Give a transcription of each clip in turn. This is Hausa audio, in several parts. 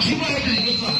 奇怪是一个字。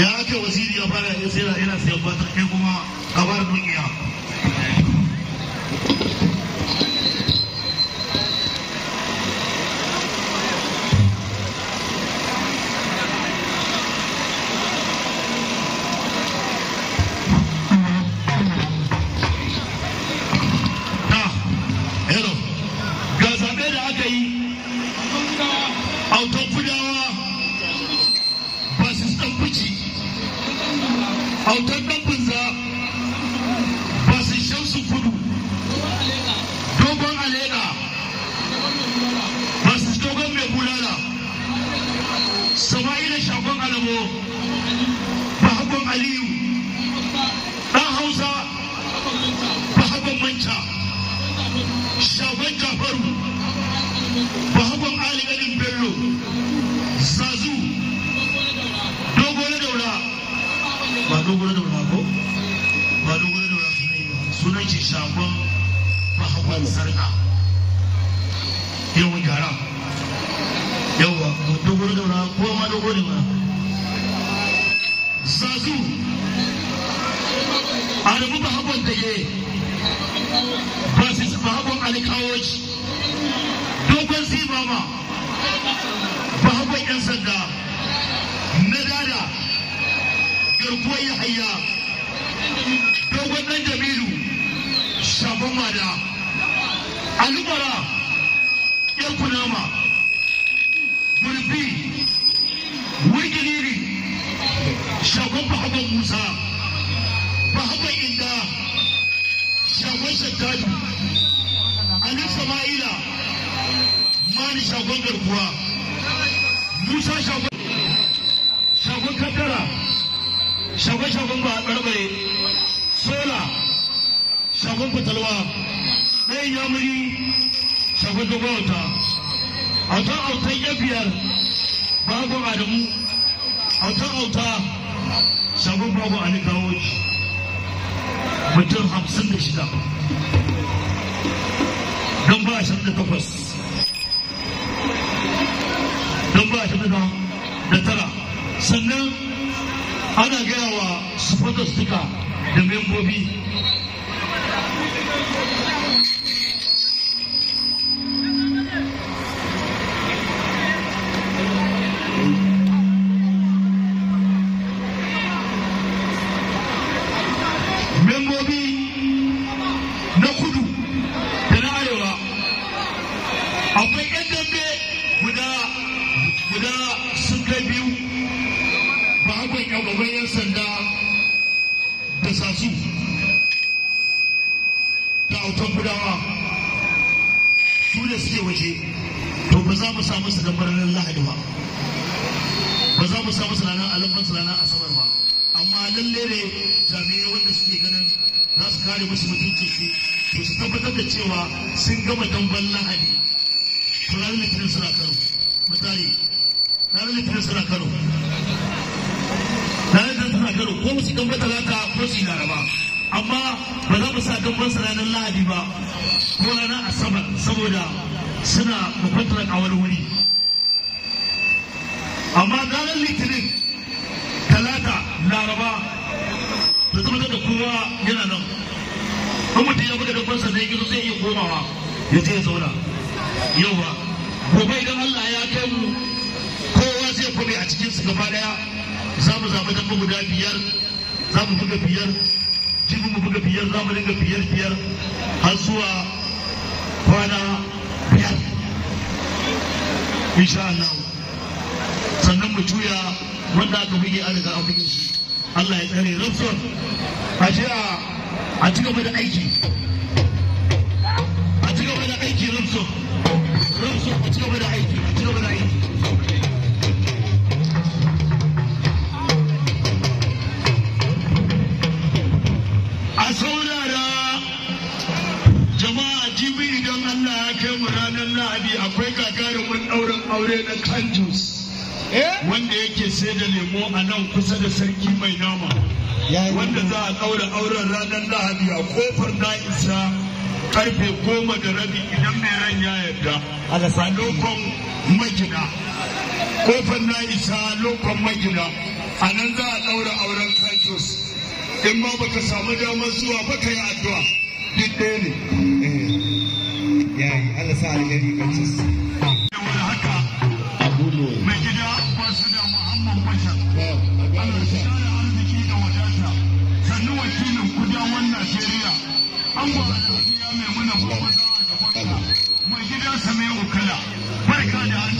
ya ake wasiri ya fara ya sayar yana sayar ba ta kuma a bar sarƙa yawan jaran yawa dogoro daura ko ma dogoro ne ma zazu adamu ba hakon da ke ba su ba habon alikawoci dogon siba ma ba hakon yan sanda na dada garkuwar yahaya dogon dan jamilu shafin mada alubara ya kunama gurbi wurgiliri shagon bahagon musa bahagon inda shagon shattaju alin sama'ila mani shagon garkuwa musa shagon shagon kaddara shagon shagon ba a sola shagon fatalwa ɗaya yamuri wata a auta autan ya biyar babu adamu a auta auta shafi babu ali kawoji mutum hamsin da shida don ba shi da takwas don ba shi da tara sannan ana gaya wa supporters duka da membobi musu ranar asabar ba amma lalle ne jami'ai wanda suke ganin za su kare musu mutunci su to su tabbatar da cewa sun gama damban lahadi to ranar litinin suna karo mutane ranar litinin suna karo ranar litinin suna karo ko musu gamba talata ko su yi laraba amma ba za mu sa gamban su ranar lahadi ba ko ranar asabar saboda suna mukwantar a wani wuri amma ranar litinin talata laraba da kuma da kowa yana nan kuma mutum ya buga dabbar sannan gizo zai iya komawa ya je ya zauna yauwa gobe idan Allah ya kai mu kowa zai kome a cikin su gaba daya za mu zaɓi dabba guda biyar za mu buga biyar jibi mu buga biyar za mu dinga biyar biyar har zuwa kwana biyar insha Allah sannan mu juya wanda aka buge yi riga a buge shi Allah ya tsare rufsor a ce a ci gaba da aiki a ci gaba da aiki rufsor rufsor a ci gaba da aiki a ci gaba da aiki a saurara jama'a jibi idan Allah ya kai mu ranar lahadi akwai gagarumin ɗaurin aure na kanjus Eh? wanda yake sai da lemo a nan kusa da sarki mai nama wanda za a ɗaura auren ranar lahadi a kofar isa karfe goma da rabi idan mai ran ya yarda a lokon magina kofar isa lokon magina a nan za a ɗaura auren kantos in ma ka samu damar zuwa ba ka yi addu'a duk ɗaya ne say eh. I'll sa you back to see. su Muhammad Bashar. ana shi da arziki da wadata. Sannu wakilin kudawan Najeriya. An ba alhaji mai muna babban da mai gidansa mai ukala. Barka da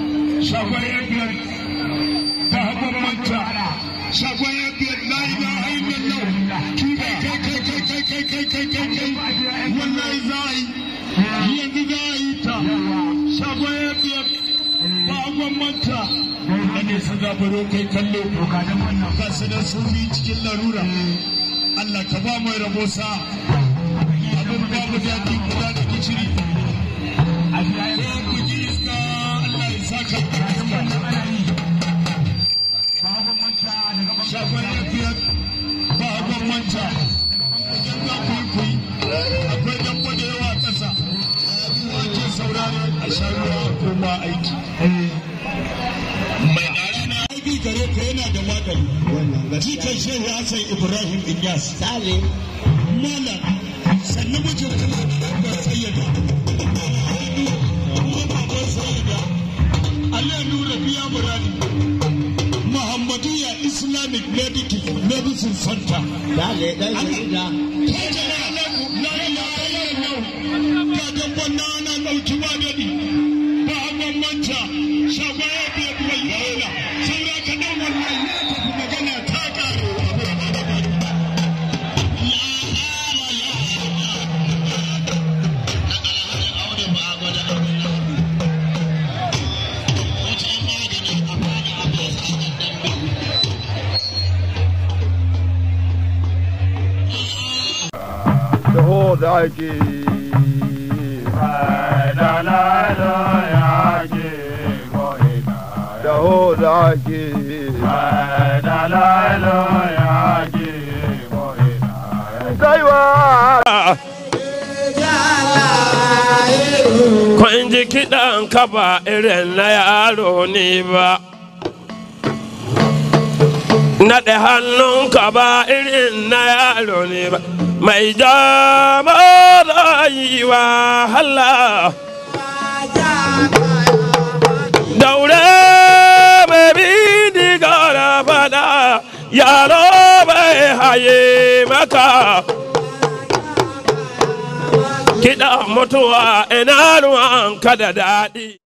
shagon ta za a yi yanzu a yi ta manta wanda ne kai kallo ga da cikin larura Allah ka ba mai rabosa sa abin babu daɗi kuma da gishiri Shagon lafiyar ba abin manta, akwai dambo yawa a ƙasa, ake saurare a sharuwa aiki. Mai ƙari yana da magani, jikan shehu Ibrahim Ilyas, Sale. Malam, sannan mijin islamic medicine center ta jama'a na yi na dauki ba daɗi zaki dalalo daho zaki daiwa kiɗan kaba irin na yaro ne ba. naɗe ka ba irin na yaro ne ba mai jama rayuwa hala daure mai bi diga da fada yaro bai haye maka kiɗa mutuwa ina ruwan ka da daɗi